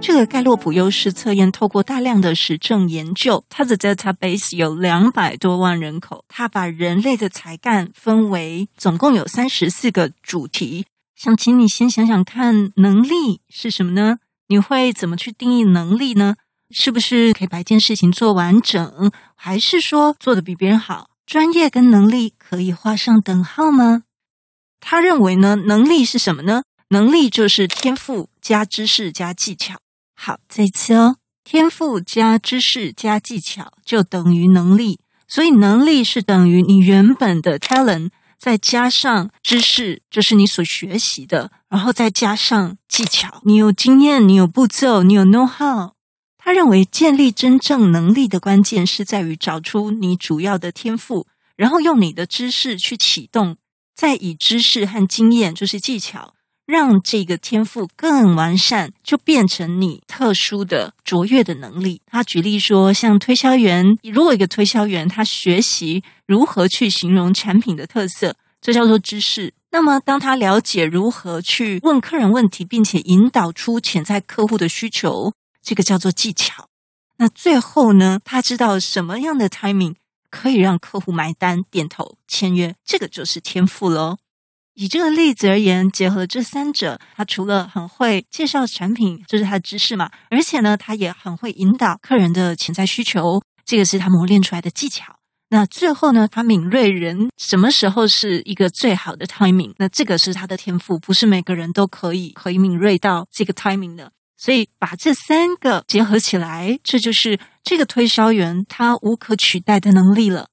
這個蓋洛普優勢測驗透過大量的實證研究，他的 database 有兩百多萬人口。他把人類的才幹分為總共有三十四個主題。想請你先想想看，能力是什麼呢？你會怎麼去定義能力呢？是不是可以把一件事情做完整，還是說做得比別人好？專業跟能力可以畫上等號嗎？他認為呢？能力是什麼呢？能力就是天賦加知識加技巧。好，再一次哦，天賦加知識加技巧就等於能力，所以能力是等於你原本的 talent，再加上知識，就是你所學習的，然後再加上技巧，你有經驗，你有步驟，你有 know how。他認為建立真正能力的關鍵是在於找出你主要的天賦，然後用你的知識去啟動，再以知識和經驗就是技巧。讓這個天賦更完善，就變成你特殊的卓越的能力。他舉例說，像推銷員，如果一個推銷員他學習如何去形容產品的特色，這叫做知識。那麼，當他了解如何去問客人問題，並且引導出潛在客戶的需求，這個叫做技巧。那最後呢，他知道什麼樣的 timing 可以讓客戶買單、點頭、簽約，這個就是天賦囉。以這個例子而言，結合了這三者，他除了很會介紹產品，這、就是他的知識嘛，而且呢，他也很會引導客人的潛在需求，這個是他磨練出來的技巧。那最後呢，他敏銳人什麼時候是一個最好的 timing？那這個是他的天賦，不是每個人都可以可以敏銳到這個 timing 的。所以把這三個結合起來，這就是這個推銷員他無可取代的能力了。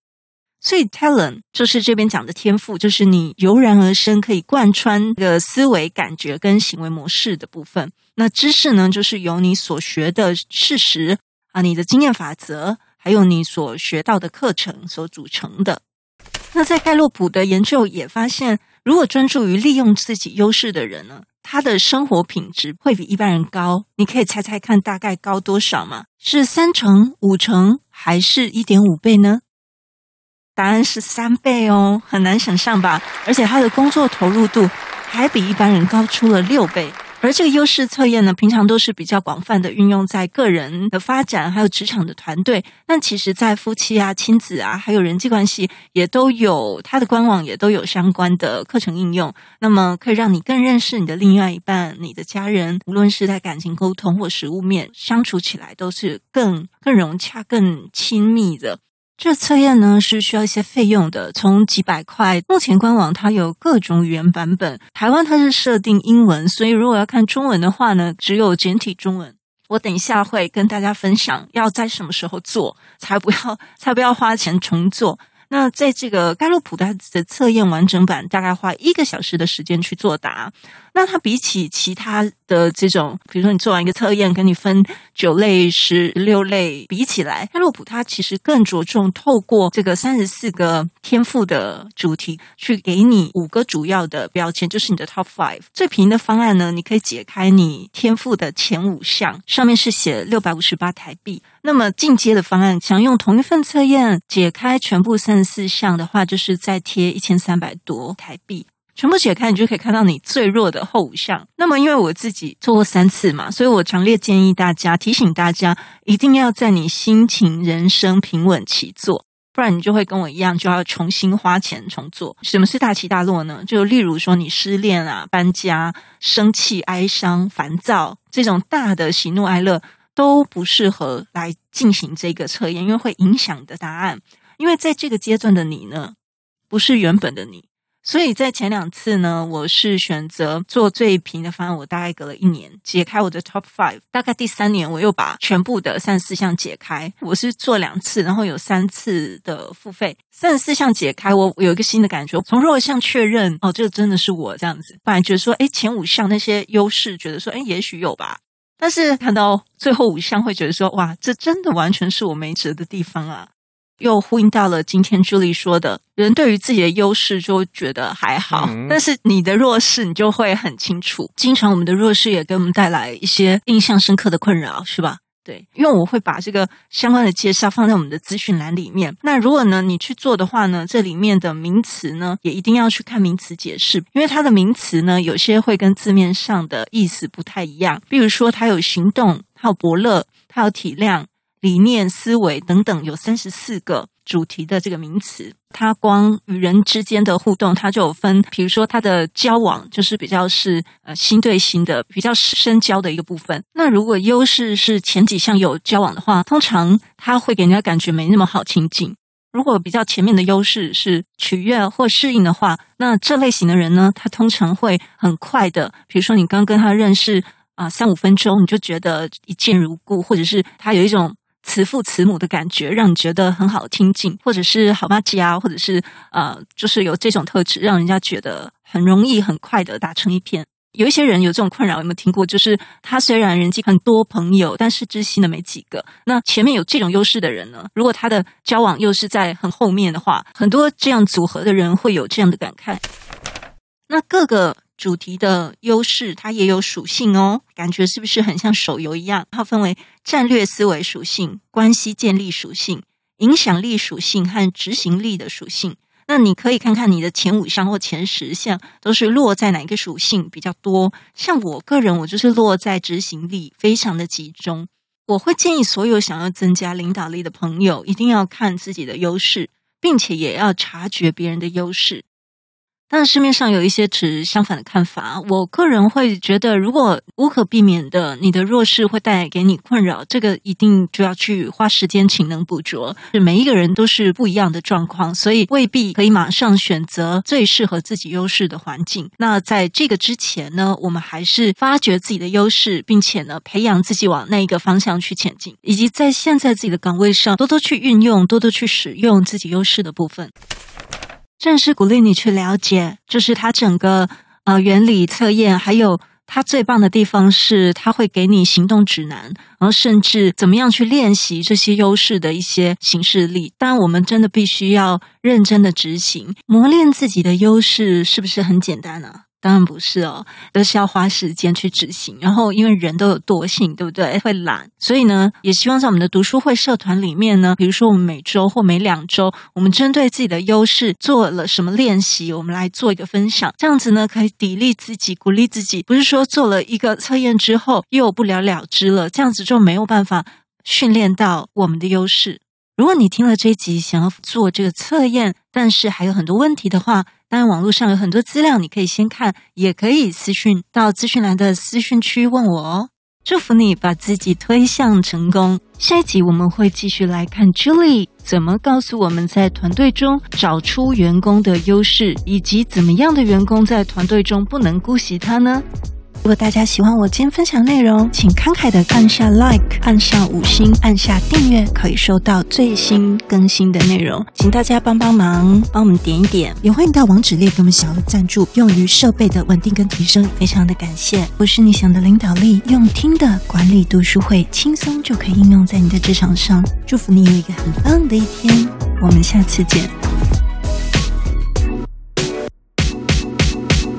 所以，talent 就是這邊講的天賦，就是你油然而生，可以貫穿一個思維、感覺跟行為模式的部分。那知識呢，就是由你所學的事實啊、你的經驗法則，還有你所學到的課程所組成的。那在蓋洛普的研究也發現，如果專注於利用自己優勢的人呢，他的生活品質會比一般人高。你可以猜猜看，大概高多少嗎？是三成、五成，還是一點五倍呢？答案是三倍哦，很難想象吧？而且他的工作投入度還比一般人高出了六倍。而這個優勢測驗呢，平常都是比較廣泛的運用在個人的發展，還有職場的團隊。但其實，在夫妻啊、親子啊，還有人際關係，也都有他的官網也都有相關的課程應用。那麼，可以讓你更認識你的另外一半、你的家人，無論是在感情溝通或實物面相處起來，都是更更融洽、更親密的。這測驗呢是需要一些費用的，從幾百塊。目前官網它有各種語言版本，台灣它是設定英文，所以如果要看中文的話呢，只有簡體中文。我等一下會跟大家分享要在什麼時候做，才不要才不要花錢重做。那在這個蓋洛普的測驗完整版，大概花一個小時的時間去作答。那它比起其他的這種，比如說你做完一個測驗，跟你分九類、十六類比起來，蓋洛普它其實更着重透過這個三十四個天賦的主題，去給你五個主要的標籤，就是你的 Top Five。最便宜的方案呢，你可以解開你天賦的前五項，上面是寫六百五十八台幣。那麼進階的方案，想用同一份測驗解開全部三十四項的話，就是再貼一千三百多台幣。全部解開，你就可以看到你最弱的後五項。那麼，因為我自己做過三次嘛，所以我強烈建議大家提醒大家，一定要在你心情、人生平穩期做，不然你就會跟我一樣，就要重新花錢重做。什麼是大起大落呢？就例如說你失戀啊、搬家、生氣、哀傷、煩躁這種大的喜怒哀樂都不適合來進行這個測驗，因為會影響你的答案。因為在這個階段的你呢，不是原本的你。所以在前兩次呢，我是選擇做最平的方案。我大概隔了一年解開我的 top five，大概第三年我又把全部的三十四項解開。我是做兩次，然後有三次的付費。三十四項解開，我有一個新的感覺：從弱項確認哦，這真的是我這樣子。反而覺得說，哎，前五項那些優勢，覺得說，哎，也許有吧。但是看到最後五項，會覺得說，哇，這真的完全是我沒轍的地方啊。又呼應到了今天朱莉說的，人對於自己的優勢就覺得還好，嗯、但是你的弱勢你就會很清楚。經常我們的弱勢也給我們帶來一些印象深刻的困擾，是吧？對，因為我會把這個相關的介紹放在我們的資訊欄裡面。那如果呢，你去做的話呢，這裡面的名詞呢也一定要去看名詞解釋，因為它的名詞呢有些會跟字面上的意思不太一樣。比如說，它有行動，它有伯樂，它有體諒。理念、思維等等，有三十四個主題的這個名詞。它光與人之間的互動，它就有分，比如說它的交往，就是比較是呃心對心的，比較深交的一個部分。那如果優勢是前幾項有交往的話，通常他會給人家感覺沒那麼好親近。如果比較前面的優勢是取悅或適應的話，那這類型的人呢，他通常會很快的，比如說你剛跟他認識啊三五分鐘，你就覺得一見如故，或者是他有一種。慈父慈母的感覺，讓你覺得很好親近，或者是好交際啊，或者是呃，就是有這種特質，讓人家覺得很容易、很快的打成一片。有一些人有這種困擾，有沒有聽過？就是他雖然人際很多朋友，但是知心的沒幾個。那前面有這種優勢的人呢，如果他的交往又是在很後面的話，很多這樣組合的人會有這樣的感慨。那各個。主題的優勢，它也有屬性哦，感覺是不是很像手遊一樣？它分為戰略思維屬性、關係建立屬性、影響力屬性和執行力的屬性。那你可以看看你的前五項或前十項都是落在哪個屬性比較多？像我個人，我就是落在執行力非常的集中。我會建議所有想要增加領導力的朋友，一定要看自己的優勢，並且也要察覺別人的優勢。但是市面上有一些持相反的看法，我個人會覺得，如果無可避免的，你的弱勢會帶給你困擾，這個一定就要去花時間勤能補拙。是每一個人都是不一樣的狀況，所以未必可以馬上選擇最適合自己優勢的環境。那在這個之前呢，我們還是發掘自己的優勢，並且呢，培養自己往那一個方向去前進，以及在現在自己的崗位上，多多去運用，多多去使用自己優勢的部分。正是鼓勵你去了解，就是它整個呃原理測驗，還有它最棒的地方是，它會給你行動指南，然後甚至怎麼樣去練習這些優勢的一些形式力。當然，我們真的必須要認真的執行，磨練自己的優勢，是不是很簡單呢？啊？當然不是哦，都是要花時間去執行。然後，因為人都有惰性，對不對？會懶，所以呢，也希望在我們的讀書會社團裡面呢，比如說我們每周或每兩周，我們針對自己的優勢做了什麼練習，我們來做一個分享。這樣子呢，可以砥礪自己，鼓勵自己。不是說做了一個測驗之後又不了了之了，這樣子就沒有辦法訓練到我們的優勢。如果你聽了這一集，想要做這個測驗，但是還有很多問題的話，當然網絡上有很多資料，你可以先看，也可以私訊到資訊欄的私訊區問我哦。祝福你把自己推向成功。下一集我們會繼續來看 Julie 怎麼告訴我們在團隊中找出員工的優勢，以及怎麼樣的員工在團隊中不能姑息他呢？如果大家喜歡我今天分享內容，請慷慨的按下 like，按下五星，按下訂閱，可以收到最新更新的內容。請大家幫幫忙，幫我們點一點。也歡迎到網址列給我們小額贊助，用於設備的穩定跟提升，非常的感謝。我是你想的領導力，用聽的管理讀書會，輕鬆就可以應用在你的職場上。祝福你有一個很棒的一天，我們下次見。